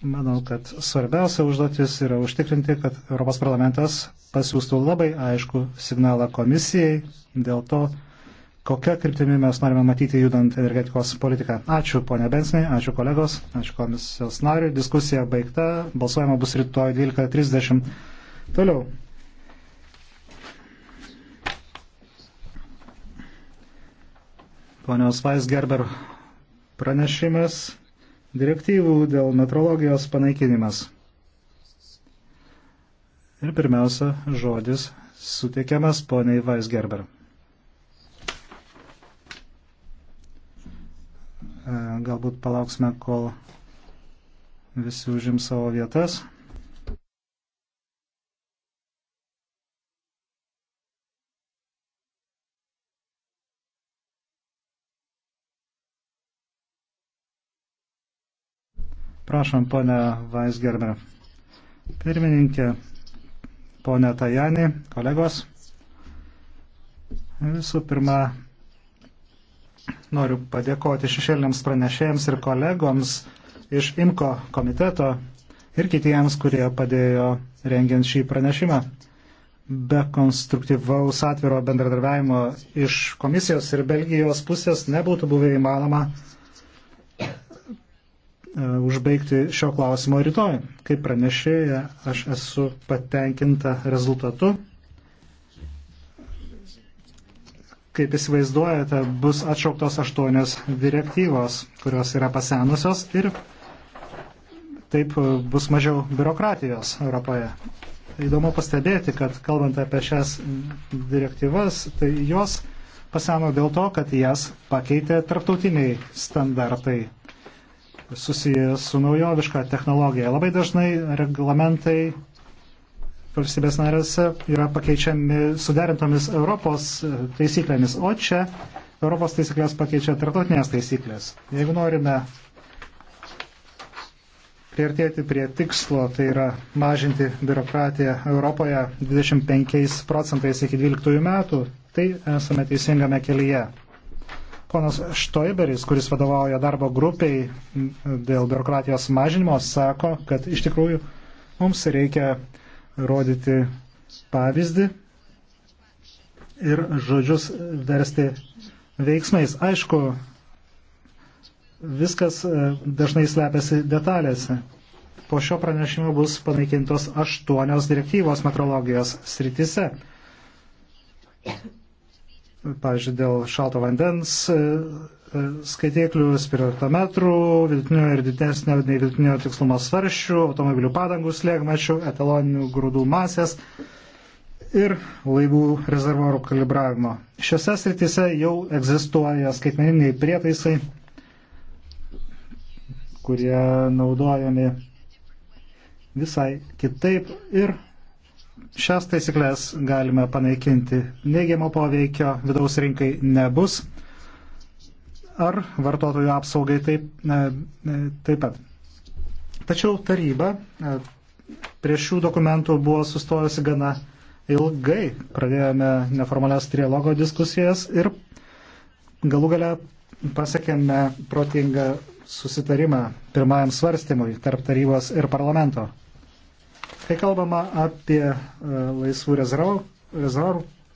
Manau, kad svarbiausia užduotis yra užtikrinti, kad Europos parlamentas pasiūstų labai aišku signalą komisijai dėl to, kokią kryptimį mes norime matyti judant energetikos politiką. Ačiū ponia Bensnai, ačiū kolegos, ačiū komisijos nariui. Diskusija baigta, balsuojama bus rytoj 12.30. Toliau. Ponios Vaisgerber pranešimas direktyvų dėl metrologijos panaikinimas. Ir pirmiausia, žodis suteikiamas poniai Weisgerber. E, galbūt palauksime, kol visi užims savo vietas. Prašom, ponia Vaisgerber. Pirmininkė, ponia Tajani, kolegos. Visų pirma, noriu padėkoti šešėliniams pranešėjams ir kolegoms iš IMKO komiteto ir kitiems, kurie padėjo rengiant šį pranešimą. Be konstruktyvaus atviro bendradarbiavimo iš komisijos ir Belgijos pusės nebūtų buvę įmanoma E, užbaigti šio klausimo rytoj. Kaip pranešėja, aš esu patenkinta rezultatu. Kaip įsivaizduojate, bus atšauktos aštuonios direktyvos, kurios yra pasenusios ir taip bus mažiau biurokratijos Europoje. Įdomu pastebėti, kad kalbant apie šias direktyvas, tai jos paseno dėl to, kad jas pakeitė tarptautiniai standartai susijęs su naujoviška technologija. Labai dažnai reglamentai valstybės narėse yra pakeičiami suderintomis Europos taisyklėmis, o čia Europos taisyklės pakeičia tarptautinės taisyklės. Jeigu norime priartėti prie tikslo, tai yra mažinti biurokratiją Europoje 25 procentais iki 12 metų, tai esame teisingame kelyje. Ponas Štoiberis, kuris vadovauja darbo grupiai dėl biurokratijos mažinimo, sako, kad iš tikrųjų mums reikia rodyti pavyzdį ir žodžius versti veiksmais. Aišku, viskas e, dažnai slepiasi detalėse. Po šio pranešimo bus panaikintos aštuonios direktyvos metrologijos sritise pavyzdžiui, dėl šalto vandens e, e, skaitiklių, spiritometrų, vidutinio ir didesnio nei vidutinio tikslumo svaršių, automobilių padangų slėgmačių, etaloninių grūdų masės ir laivų rezervorų kalibravimo. Šiose srityse jau egzistuoja skaitmeniniai prietaisai, kurie naudojami visai kitaip ir Šias taisyklės galime panaikinti. Neigiamo poveikio vidaus rinkai nebus. Ar vartotojų apsaugai taip, e, e, taip pat. Tačiau taryba e, prie šių dokumentų buvo sustojusi gana ilgai. Pradėjome neformalias trialogo diskusijas ir galų gale pasiekėme protingą susitarimą pirmajam svarstymui tarp tarybos ir parlamento. Kai kalbama apie e, laisvų rezervų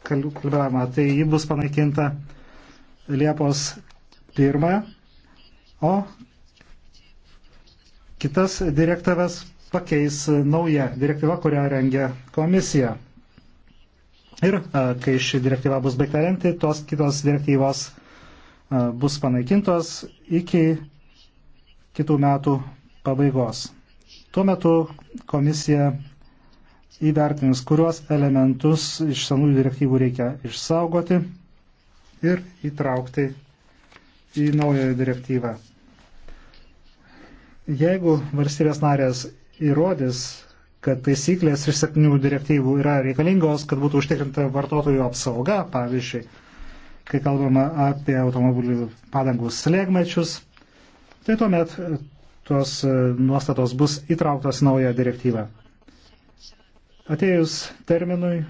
kalbėjimą, tai ji bus panaikinta Liepos 1, o kitas direktyvas pakeis nauja direktyva, kurią rengia komisija. Ir e, kai ši direktyva bus baigta rengti, tos kitos direktyvos e, bus panaikintos iki kitų metų pabaigos. Tuo metu komisija įvertins, kuriuos elementus iš senųjų direktyvų reikia išsaugoti ir įtraukti į naująją direktyvą. Jeigu valstybės narės įrodys, kad taisyklės iš septynių direktyvų yra reikalingos, kad būtų užtikrinta vartotojų apsauga, pavyzdžiui, kai kalbama apie automobilių padangų slėgmečius, tai tuomet tos e, nuostatos bus įtrauktos naują direktyvą. Atėjus terminui,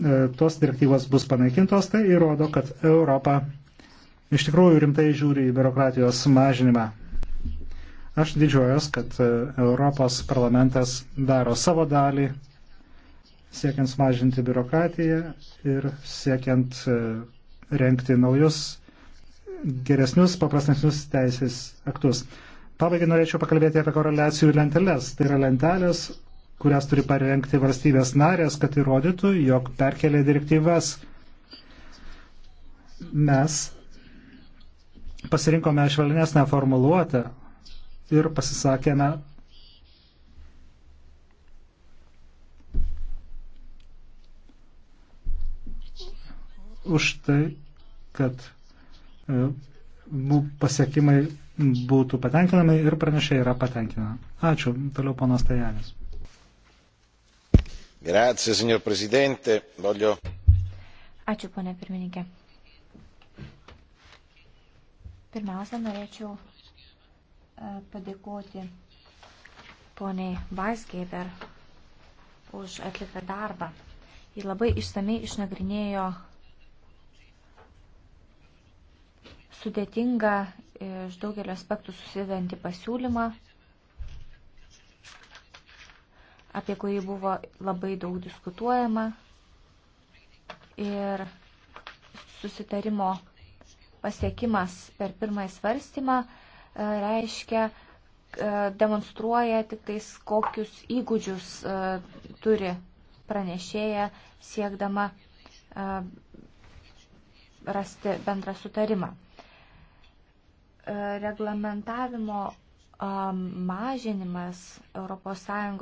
e, tos direktyvos bus panaikintos, tai įrodo, kad Europa iš tikrųjų rimtai žiūri į biurokratijos mažinimą. Aš didžiuojas, kad e, Europos parlamentas daro savo dalį, siekiant sumažinti biurokratiją ir siekiant renkti naujus geresnius, paprastesnius teisės aktus. Pabaigai norėčiau pakalbėti apie koreliacijų lenteles. Tai yra lentelės, kurias turi parengti valstybės narės, kad įrodytų, jog perkelė direktyvas. Mes pasirinkome švelnesnę formuluotę ir pasisakėme už tai, kad E, pasiekimai būtų patenkinami ir pranešė yra patenkinami. Ačiū. Toliau ponas Tajanis. Grazie, signor Presidente. Voglio... Ačiū, ponė pirmininkė. Pirmiausia, norėčiau e, padėkoti poniai Weisgeber už atliktą darbą. Ji labai išsamei išnagrinėjo sudėtingą e, iš daugelio aspektų susidantį pasiūlymą, apie kurį buvo labai daug diskutuojama ir susitarimo pasiekimas per pirmąjį svarstymą e, reiškia, e, demonstruoja tik tais, kokius įgūdžius turi pranešėja siekdama rasti bendrą sutarimą reglamentavimo mažinimas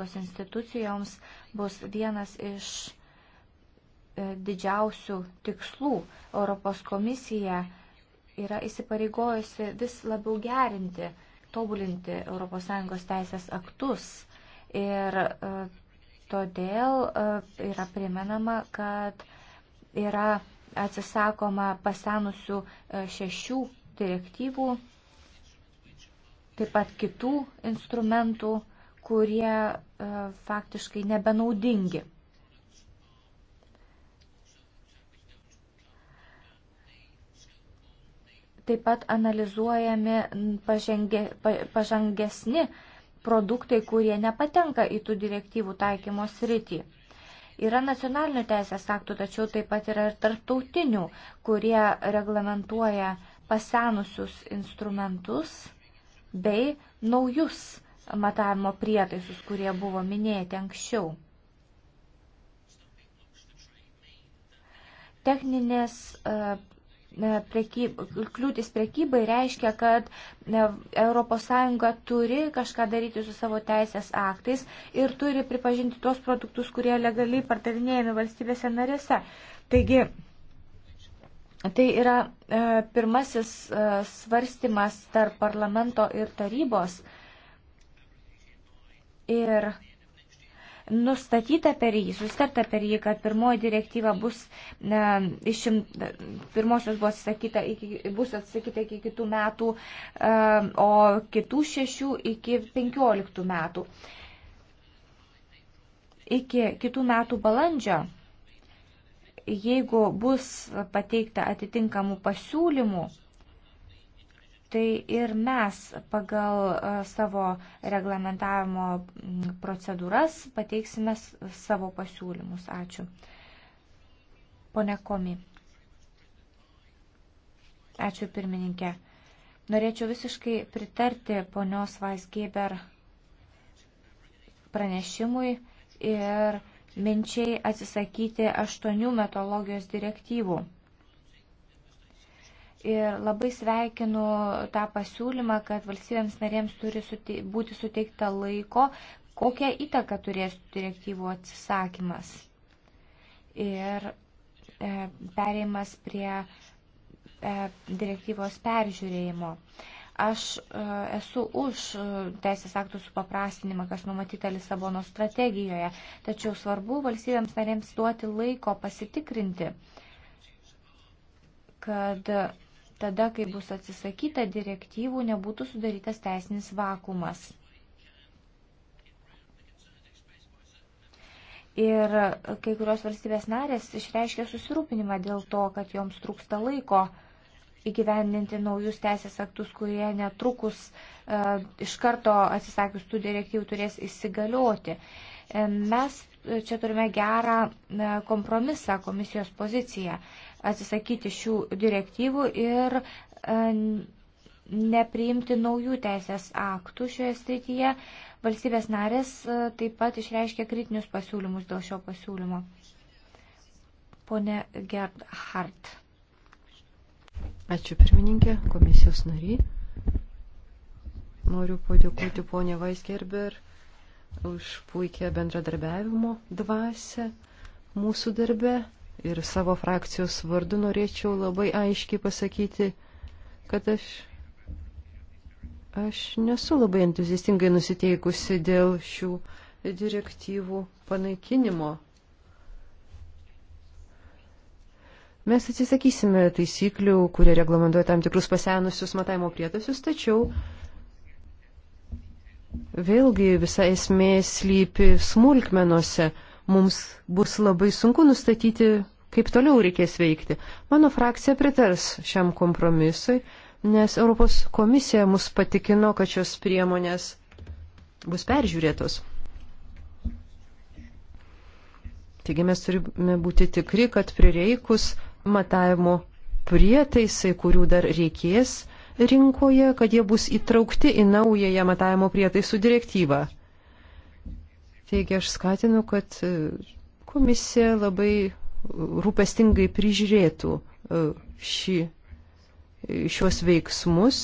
ES institucijoms bus vienas iš e, didžiausių tikslų. Europos komisija yra įsipareigojusi vis labiau gerinti, tobulinti ES teisės aktus. Ir e, todėl e, yra primenama, kad yra atsisakoma pasenusių šešių direktyvų taip pat kitų instrumentų, kurie e, faktiškai nebenaudingi. Taip pat analizuojami pažengė, pažangesni produktai, kurie nepatenka į tų direktyvų taikymo sritį. Yra nacionalinių teisės aktų, tačiau taip pat yra ir tarptautinių, kurie reglamentuoja pasenusius instrumentus bei naujus matavimo prietaisus, kurie buvo minėti anksčiau. Techninės e, e, prekyb, kliūtis prekybai reiškia, kad ES turi kažką daryti su savo teisės aktais ir turi pripažinti tuos produktus, kurie legaliai pardavinėjami valstybėse narėse. Taigi, Tai yra e, pirmasis e, svarstymas tarp parlamento ir tarybos. Ir nustatyta per jį, sustarta per jį, kad pirmoji direktyva bus e, išim, pirmosios bus atsakyta iki, bus atsakyta iki kitų metų, e, o kitų šešių iki penkioliktų metų. Iki kitų metų balandžio jeigu bus pateikta atitinkamų pasiūlymų, tai ir mes pagal e, savo reglamentavimo procedūras pateiksime savo pasiūlymus. Ačiū. Pone Komi. Ačiū pirmininkė. Norėčiau visiškai pritarti ponios Vaisgeber pranešimui ir minčiai atsisakyti aštuonių metologijos direktyvų. Ir labai sveikinu tą pasiūlymą, kad valstybėms narėms turi sute būti suteikta laiko, kokią įtaką turės direktyvų atsisakymas. Ir e, pereimas prie e, direktyvos peržiūrėjimo. E, Aš e, esu už e, teisės aktų supaprastinimą, kas numatyta Lisabono strategijoje, tačiau svarbu valstybėms narėms duoti laiko pasitikrinti, kad tada, kai bus atsisakyta direktyvų, nebūtų sudarytas teisinis vakumas. Ir kai kurios valstybės narės išreiškia susirūpinimą dėl to, kad joms trūksta laiko uh, įgyvendinti naujus teisės aktus, kurie netrukus e, iš karto atsisakius tų direktyvų turės įsigalioti. E, mes e, čia turime gerą kompromisą komisijos poziciją atsisakyti šių direktyvų ir nepriimti naujų teisės aktų šioje srityje. Valstybės narės taip pat išreiškia kritinius pasiūlymus dėl šio pasiūlymo. Pone Gerhard. Ačiū pirmininkė, komisijos nariai. Noriu padėkoti ponė Vaisgerber už puikią bendradarbiavimo dvasę mūsų darbe ir savo frakcijos vardu norėčiau labai aiškiai pasakyti, kad aš, aš nesu labai entuziastingai nusiteikusi dėl šių direktyvų panaikinimo Mes atsisakysime taisyklių, kurie reglamentuoja tam tikrus pasenusius matavimo prietasius, tačiau vėlgi visa esmė slypi smulkmenuose. Mums bus labai sunku nustatyti, kaip toliau reikės veikti. Mano frakcija pritars šiam kompromisui, nes Europos komisija mus patikino, kad šios priemonės bus peržiūrėtos. Taigi mes turime būti tikri, kad prireikus matavimo prietaisai, kurių dar reikės rinkoje, kad jie bus įtraukti į naująją matavimo prietaisų direktyvą. Taigi aš skatinu, kad e, komisija labai rūpestingai prižiūrėtų e, šį, e, šios veiksmus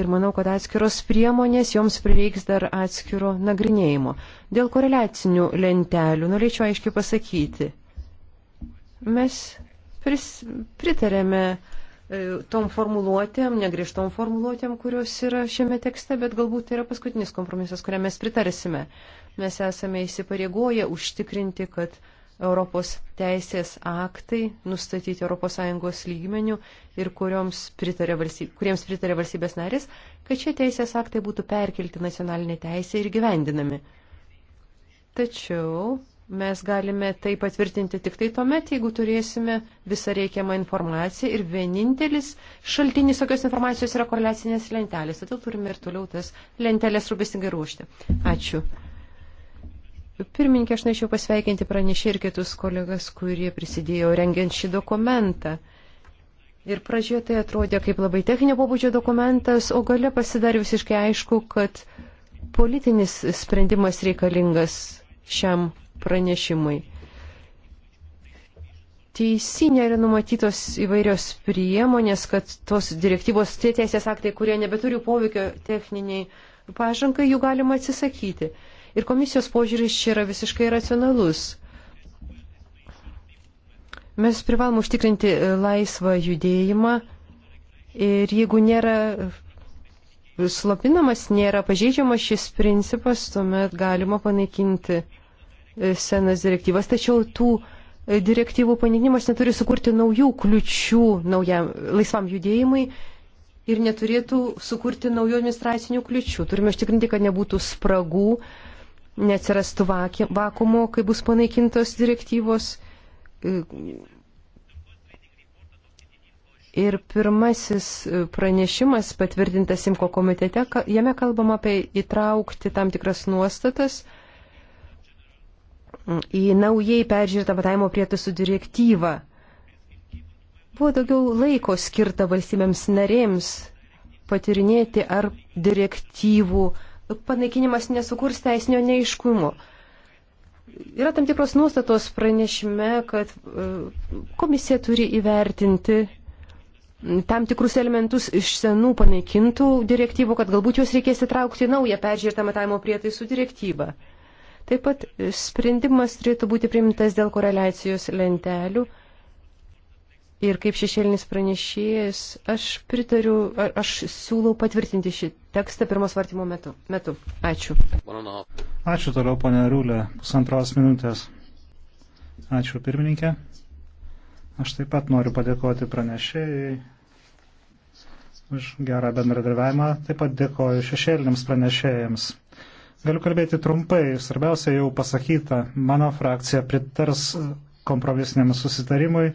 ir manau, kad atskiros priemonės joms prireiks dar atskiro nagrinėjimo. Dėl koreliacinių lentelių norėčiau aiškiai pasakyti, Mes pris, pritarėme e, tom formuluotėm, negrįžtom formuluotėm, kurios yra šiame tekste, bet galbūt tai yra paskutinis kompromisas, kuriam mes pritarsime. Mes esame įsipareigoję užtikrinti, kad Europos teisės aktai nustatyti ES lygmenių ir pritarė valstybė, kuriems pritarė valstybės narės, kad šie teisės aktai būtų perkelti nacionalinė teisė ir gyvendinami. Tačiau Mes galime tai patvirtinti tik tai tuomet, jeigu turėsime visą reikiamą informaciją ir vienintelis šaltinis tokios informacijos yra koreliacinės lentelės. Todėl turime ir toliau tas lentelės rūpestingai ruošti. Ačiū. Pirmininkė, aš norėčiau pasveikinti pranešį ir kitus kolegas, kurie prisidėjo rengiant šį dokumentą. Ir pradžioje tai atrodė kaip labai techninio pobūdžio dokumentas, o gale pasidarė visiškai aišku, kad politinis sprendimas reikalingas šiam pranešimui. Teisinė yra numatytos įvairios priemonės, kad tos direktyvos, tie teisės aktai, kurie nebeturi poveikio techniniai pažangai, jų galima atsisakyti. Ir komisijos požiūris čia yra visiškai racionalus. Mes privalom užtikrinti e, laisvą judėjimą ir jeigu nėra e, slopinamas, nėra pažeidžiamas šis principas, tuomet galima panaikinti senas direktyvas, tačiau tų direktyvų paninimas neturi sukurti naujų kliučių naujam, laisvam judėjimui ir neturėtų sukurti naujų administracinių kliučių. Turime užtikrinti, kad nebūtų spragų, neatsirastų vakumo, kai bus panaikintos direktyvos. Ir pirmasis pranešimas patvirtintas Simko komitete, jame kalbama apie įtraukti tam tikras nuostatas į naujai peržiūrėtą matavimo prietaisų direktyvą. Buvo daugiau laiko skirta valstybėms narėms patirinėti, ar direktyvų panaikinimas nesukurs teisinio neiškumo. Yra tam tikros nuostatos pranešime, kad e, komisija turi įvertinti tam tikrus elementus iš senų panaikintų direktyvų, kad galbūt juos reikės įtraukti į naują peržiūrėtą matavimo prietaisų direktyvą. Taip pat sprendimas turėtų būti priimtas dėl koreliacijos lentelių. Ir kaip šešėlinis pranešėjas, aš pritariu, aš siūlau patvirtinti šį tekstą pirmos vartimo metu. metu. Ačiū. Ačiū toliau, ponė Rūlė, pusantros minutės. Ačiū pirmininkė. Aš taip pat noriu padėkoti pranešėjai už gerą bendradarbiavimą. Taip pat dėkoju šešėliniams pranešėjams. Galiu kalbėti trumpai, svarbiausia jau pasakyta, mano frakcija pritars kompromisiniam susitarimui.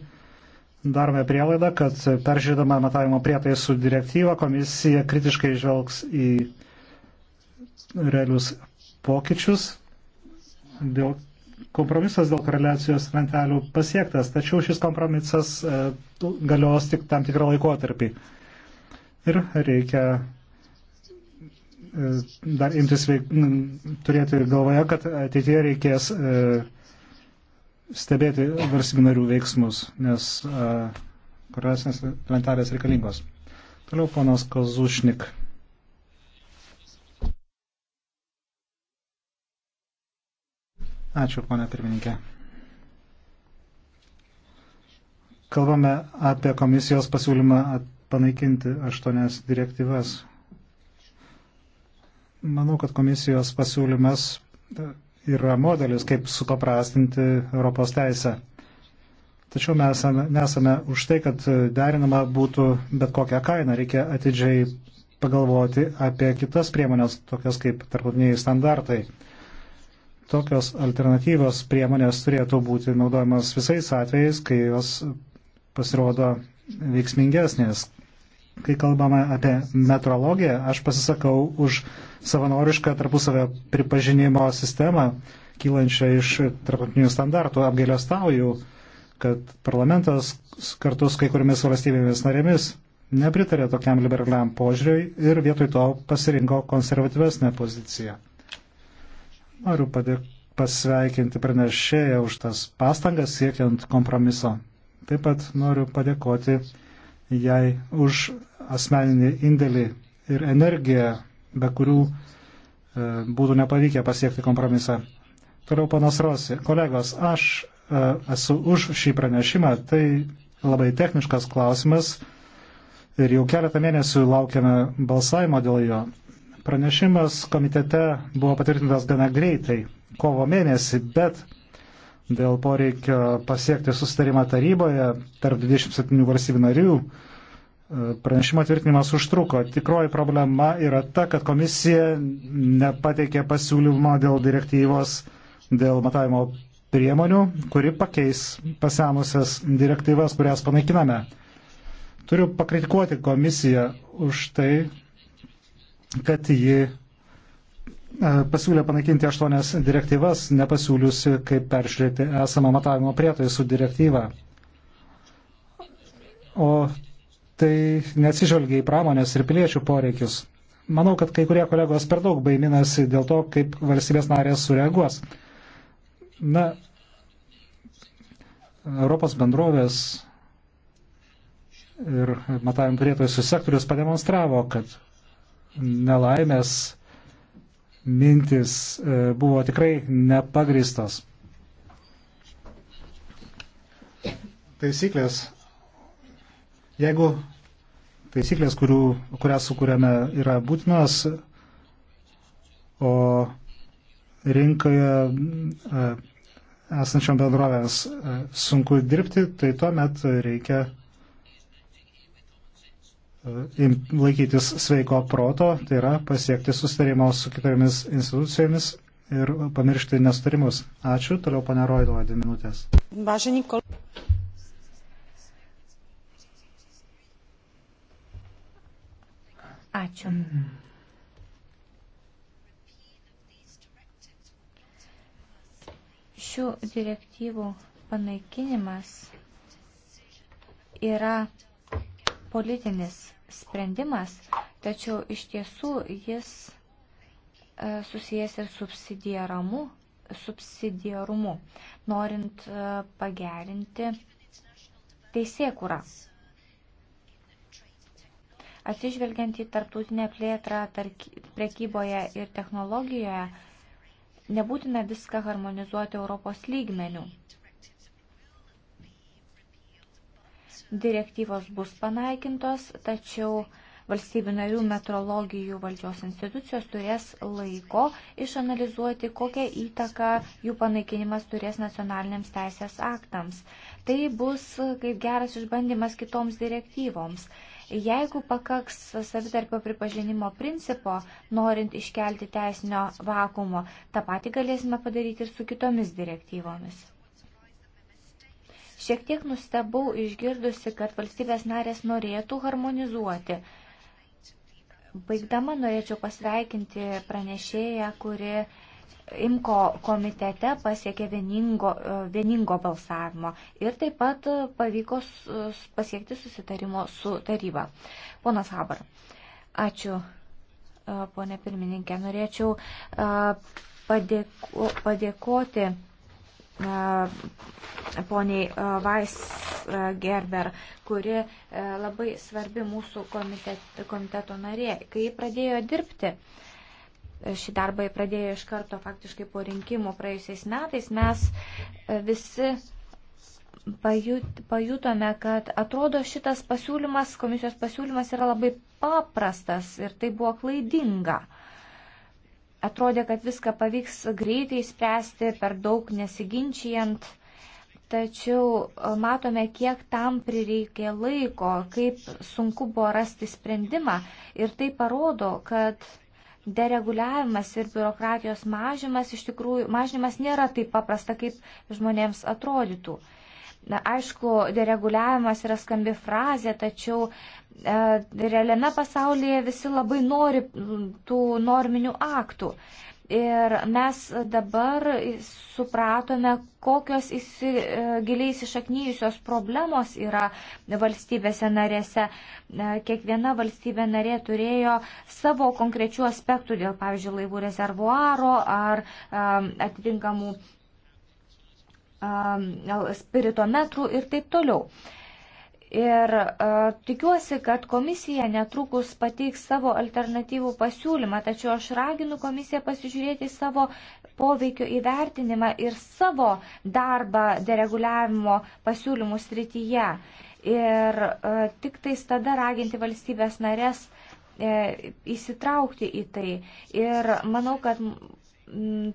Darome prielaidą, kad peržiūrėdama matavimo prietaisų direktyvą komisija kritiškai žvelgs į realius pokyčius. Dėl kompromisas dėl koreliacijos lentelių pasiektas, tačiau šis kompromisas e, galios tik tam tikrą laikotarpį. Ir reikia E, dar imtis veik, turėti galvoje, kad ateitie reikės e, stebėti valstybių narių veiksmus, nes e, korelacinės lentelės reikalingos. Toliau ponas Kozušnik. Ačiū, ponia pirmininkė. Kalbame apie komisijos pasiūlymą panaikinti aštuonias direktyvas Manau, kad komisijos pasiūlymas e, yra modelis, kaip supaprastinti Europos teisę. Tačiau mes nesame už tai, kad derinama būtų bet kokią kainą. Reikia atidžiai pagalvoti apie kitas priemonės, tokias kaip tarptautiniai standartai. Tokios alternatyvos priemonės turėtų būti naudojamas visais atvejais, kai jos pasirodo veiksmingesnės, kai kalbame apie metrologiją, aš pasisakau už savanorišką tarpusavio pripažinimo sistemą, kylančią iš tarptautinių standartų. Apgailestauju, kad parlamentas kartu su kai kuriamis valstybėmis narėmis nepritarė tokiam liberaliam požiūriui ir vietoj to pasirinko konservatyvesnę poziciją. Noriu pasveikinti pranešėją už tas pastangas siekiant kompromiso. Taip pat noriu padėkoti jai už asmeninį indėlį ir energiją, be kurių e, būtų nepavykę pasiekti kompromisą. Toliau panas Rosi. Kolegos, aš e, esu už šį pranešimą. Tai labai techniškas klausimas ir jau keletą mėnesių laukiame balsavimo dėl jo. Pranešimas komitete buvo patvirtintas gana greitai, kovo mėnesį, bet dėl poreikio pasiekti sustarimą taryboje tarp 27 valstybių narių, pranešimo tvirtinimas užtruko. Tikroji problema yra ta, kad komisija nepateikė pasiūlymo dėl direktyvos dėl matavimo priemonių, kuri pakeis pasenusias direktyvas, kurias panaikiname. Turiu pakritikuoti komisiją už tai, kad ji E, pasiūlė panaikinti aštuonias direktyvas, nepasiūliusi, kaip peržiūrėti esamą matavimo prietaisų direktyvą. O tai neatsižvelgia į pramonės ir piliečių poreikius. Manau, kad kai kurie kolegos per daug baiminasi dėl to, kaip valstybės narės sureaguos. Na, Europos bendrovės ir matavimo prietaisų sektorius pademonstravo, kad nelaimės mintis e, buvo tikrai nepagristos. Taisyklės. Jeigu taisyklės, kurių, kurias sukūrėme, yra būtinos, o rinkoje e, esančiam bendrovės e, sunku dirbti, tai tuomet reikia E, laikytis sveiko proto, tai yra pasiekti sustarimą su kitomis institucijomis ir pamiršti nestarimus. Ačiū, toliau pane Roidova, dvi minutės. Vážení kol... Ačiū. Šių direktyvų panaikinimas yra politinis sprendimas, tačiau iš tiesų jis e, susijęs ir subsidiarumu, subsidiarumu norint e, pagerinti teisėkurą. Atsižvelgiant į tarptautinę plėtrą prekyboje ir technologijoje, nebūtina viską harmonizuoti Europos lygmenių. direktyvos bus panaikintos, tačiau valstybių narių metrologijų valdžios institucijos turės laiko išanalizuoti, kokią įtaką jų panaikinimas turės nacionaliniams teisės aktams. Tai bus kaip geras išbandymas kitoms direktyvoms. Jeigu pakaks savitarpio pripažinimo principo, norint iškelti teisinio vakumo, tą patį galėsime padaryti ir su kitomis direktyvomis. Šiek tiek nustebau išgirdusi, kad valstybės narės norėtų harmonizuoti. Baigdama norėčiau pasveikinti pranešėją, kuri IMKO komitete pasiekė vieningo, e, vieningo balsavimo ir taip pat pavyko pasiekti susitarimo su taryba. Ponas Habar, ačiū, e, ponė pirmininkė. Norėčiau e, padėko, padėkoti E, poniai Vais e, Gerber, kuri e, labai svarbi mūsų komitet, komiteto narė. Kai ji pradėjo dirbti, šį darbą jį pradėjo iš karto faktiškai po rinkimų praėjusiais metais, mes visi pajutome, kad atrodo šitas pasiūlymas, komisijos pasiūlymas yra labai paprastas ir tai buvo klaidinga. Uh, Atrodė, kad viską pavyks greitai spręsti, per daug nesiginčijant tačiau e, matome, kiek tam prireikė laiko, kaip sunku buvo rasti sprendimą. Ir tai parodo, kad dereguliavimas ir biurokratijos mažinimas iš tikrųjų mažinimas nėra taip paprasta, kaip žmonėms atrodytų. Na, aišku, dereguliavimas yra skambi frazė, tačiau e, realiame pasaulyje visi labai nori tų norminių aktų. Ir mes dabar supratome, kokios įsi, e, giliai įsišaknyjusios problemos yra valstybėse narėse. E, kiekviena valstybė narė turėjo savo konkrečių aspektų dėl, pavyzdžiui, laivų rezervuaro ar e, atitinkamų spiritometrų ir taip toliau. Ir e, tikiuosi, kad komisija netrukus pateiks savo alternatyvų pasiūlymą, tačiau aš raginu komisiją pasižiūrėti savo poveikio įvertinimą ir savo darbą dereguliavimo pasiūlymų srityje. Ir e, tik tais tada raginti valstybės narės e, įsitraukti į tai. Ir manau, kad m,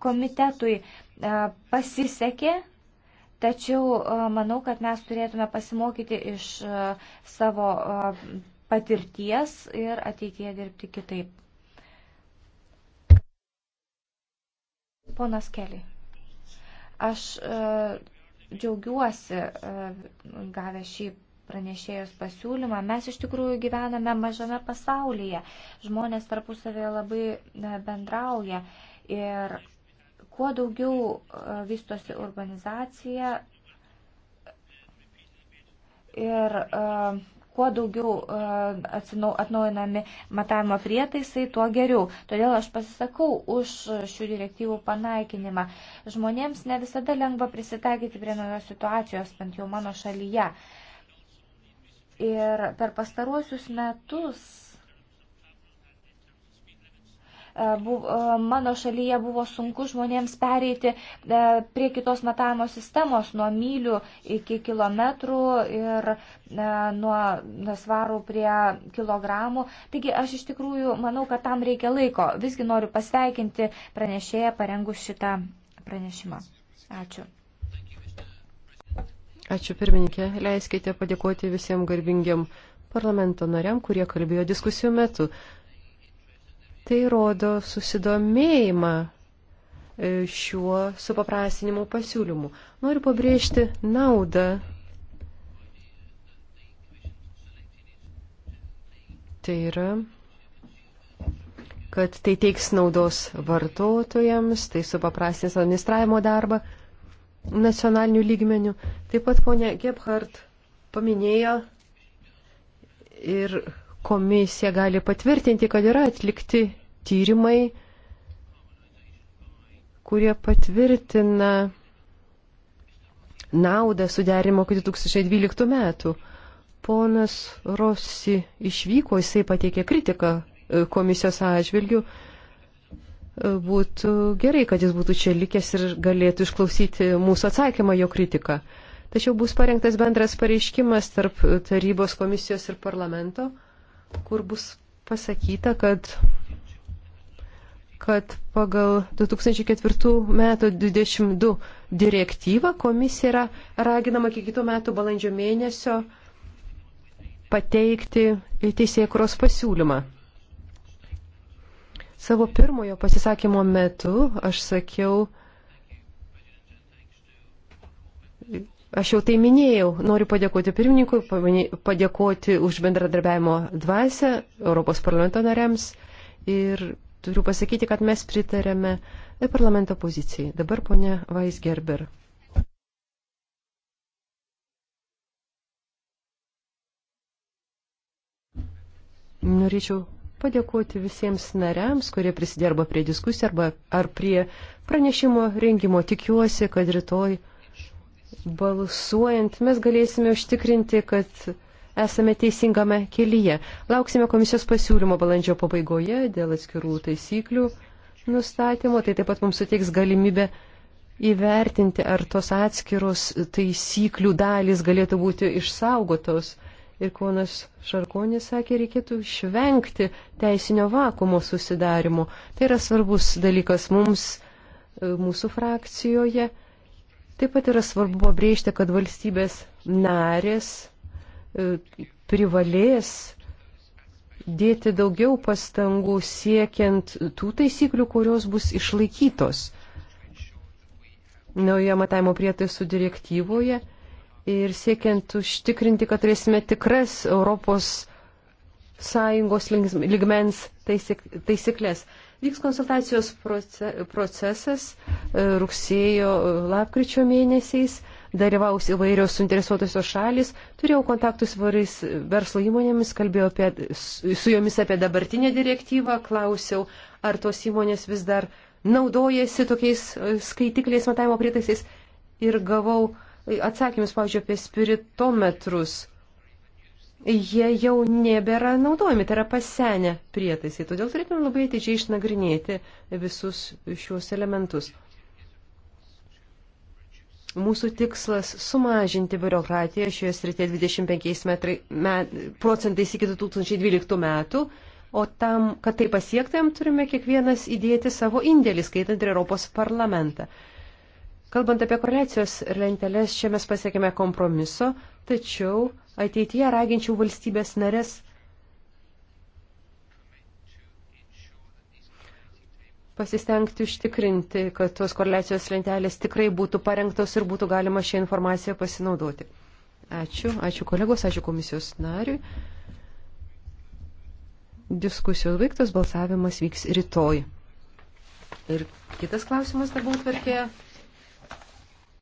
komitetui E, pasisekė, tačiau e, manau, kad mes turėtume pasimokyti iš e, savo patirties ir ateityje dirbti kitaip. Ponas Keliai, aš džiaugiuosi gavę šį pranešėjos pasiūlymą. Mes iš tikrųjų gyvename mažame pasaulyje. Žmonės tarpusavėje labai bendrauja. Ir Kuo daugiau e, vystosi urbanizacija ir e, kuo daugiau e, atnaujinami matavimo prietaisai, tuo geriau. Todėl aš pasisakau už šių direktyvų panaikinimą. Žmonėms ne visada lengva prisitaikyti prie naujos situacijos, bent jau mano šalyje. Ir per pastaruosius metus E, buvo, e, mano šalyje buvo sunku žmonėms pereiti e, prie kitos matavimo sistemos nuo mylių iki kilometrų ir nuo svarų prie kilogramų. Taigi aš iš tikrųjų manau, kad tam reikia laiko. Visgi noriu pasveikinti pranešėją parengus šitą pranešimą. Ačiū. Ačiū pirmininkė. Leiskite padėkoti visiems garbingiam parlamento nariam, kurie kalbėjo diskusijų metu. Tai rodo susidomėjimą e, šiuo supaprastinimo pasiūlymu. Noriu pabrėžti naudą. Tai yra, kad tai teiks naudos vartotojams, tai supaprastins administravimo darbą nacionalinių lygmenių. Taip pat ponia Gebhardt paminėjo ir komisija gali patvirtinti, kad yra atlikti tyrimai, kurie patvirtina naudą suderimo iki 2012 metų. Ponas Rossi išvyko, jisai pateikė kritiką e, komisijos atžvilgių. E, būtų gerai, kad jis būtų čia likęs ir galėtų išklausyti mūsų atsakymą jo kritiką. Tačiau bus parengtas bendras pareiškimas tarp tarybos komisijos ir parlamento kur bus pasakyta, kad, kad pagal 2004 metų 22 direktyvą komisija yra raginama iki kitų metų balandžio mėnesio pateikti teisėkuros pasiūlymą. Savo pirmojo pasisakymo metu aš sakiau, Aš jau tai minėjau, noriu padėkoti pirmininkui, padėkoti už bendradarbiavimo dvasę Europos parlamento nariams ir turiu pasakyti, kad mes pritarėme parlamento pozicijai. Dabar ponia Weisgerber. Norėčiau padėkoti visiems nariams, kurie prisidėjo arba prie diskusijų, arba ar prie pranešimo rengimo. Tikiuosi, kad rytoj balsuojant mes galėsime užtikrinti, kad esame teisingame kelyje. Lauksime komisijos pasiūlymo balandžio pabaigoje dėl atskirų taisyklių nustatymo. Tai taip pat mums suteiks galimybę įvertinti, ar tos atskiros taisyklių dalys galėtų būti išsaugotos. Ir konas Šarkonis sakė, reikėtų išvengti teisinio vakumo susidarimo. Tai yra svarbus dalykas mums, e, mūsų frakcijoje. Taip pat yra svarbu pabrėžti, kad valstybės narės e, privalės dėti daugiau pastangų siekiant tų taisyklių, kurios bus išlaikytos naujoje matavimo prietaisų direktyvoje ir siekiant užtikrinti, kad turėsime tikras Europos Sąjungos lygmens taisyk, taisyklės. Vyks konsultacijos procesas e, rugsėjo e, lapkričio mėnesiais, dalyvaus įvairios suinteresuotosios šalis, turėjau kontaktus įvairiais verslo įmonėmis, kalbėjau apie, su jomis apie dabartinę direktyvą, klausiau, ar tos įmonės vis dar naudojasi tokiais e, skaitikliais matavimo prietaisais ir gavau atsakymus, pavyzdžiui, apie spiritometrus jie jau nebėra naudojami, tai yra pasenę prietaisai. Todėl turėtume labai atidžiai išnagrinėti visus šiuos elementus. Mūsų tikslas sumažinti biurokratiją šioje srityje 25 metrai, met, procentais iki 2012 metų, o tam, kad tai pasiektumėm, turime kiekvienas įdėti savo indėlį, skaitant ir Europos parlamentą. Kalbant apie koreliacijos lenteles, čia mes pasiekėme kompromiso, tačiau ateityje raginčiau valstybės narės pasistengti užtikrinti, kad tos koreliacijos lentelės tikrai būtų parengtos ir būtų galima šią informaciją pasinaudoti. Ačiū, ačiū kolegos, ačiū komisijos nariui. Diskusijos baigtos, balsavimas vyks rytoj. Ir kitas klausimas dabar tvarkėje.